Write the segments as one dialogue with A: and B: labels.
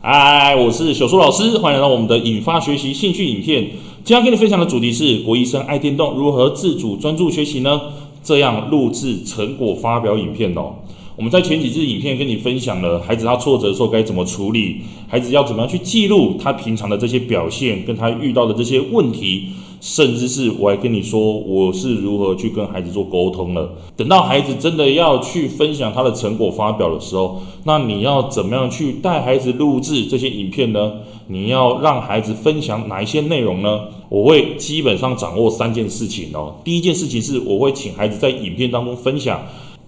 A: 嗨，我是小蘇老師，歡迎來到我們的引發學習興趣影片。今天要跟你分享的主題是國一生愛電動，如何自主專注學習呢？這樣錄製成果發表影片哦。我們在前幾支影片跟你分享了孩子他挫折的時候該怎麼處理，孩子要怎麼樣去記錄他平常的這些表現，跟他遇到的這些問題。甚至是我還跟你說，我是如何去跟孩子做溝通了。等到孩子真的要去分享他的成果發表的時候，那你要怎麼樣去帶孩子錄制這些影片呢？你要讓孩子分享哪一些內容呢？我會基本上掌握三件事情哦。第一件事情是，我會請孩子在影片當中分享。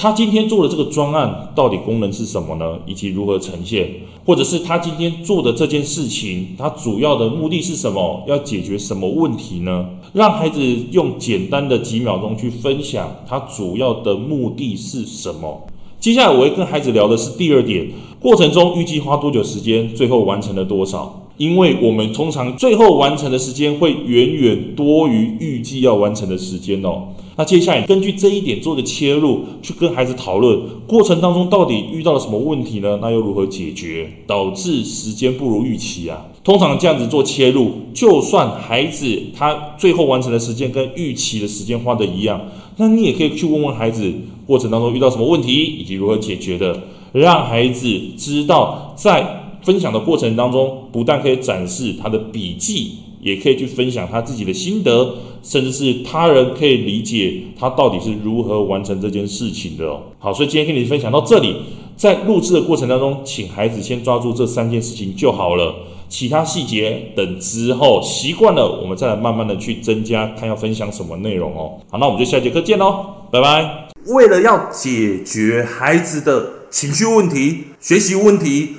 A: 他今天做的這個專案到底功能是什麼呢？以及如何呈現？或者是他今天做的這件事情，他主要的目的是什麼？要解決什麼問題呢？讓孩子用簡單的幾秒鐘去分享，他主要的目的是什麼？接下來我會跟孩子聊的是第二點，過程中預計花多久時間，最後完成了多少？因為我們通常最後完成的時間會遠遠多於預計要完成的時間哦。那接下來根據這一點做個切入，去跟孩子討論過程當中到底遇到了什麼問題呢？那又如何解決？導致時間不如預期啊。通常這樣子做切入，就算孩子他最後完成的時間跟預期的時間花得一樣，那你也可以去問問孩子過程當中遇到什麼問題以及如何解決的，讓孩子知道在。分享的過程當中，不但可以展示他的筆記，也可以去分享他自己的心得，甚至是他人可以理解他到底是如何完成這件事情的哦。好，所以今天跟你分享到這裡，在錄制的過程當中，請孩子先抓住這三件事情就好了，其他細節等之後習慣了，我們再來慢慢的去增加，看要分享什麼內容哦。好，那我們就下節課見嘍，拜拜。為了要解決孩子的情緒問題、學習問題。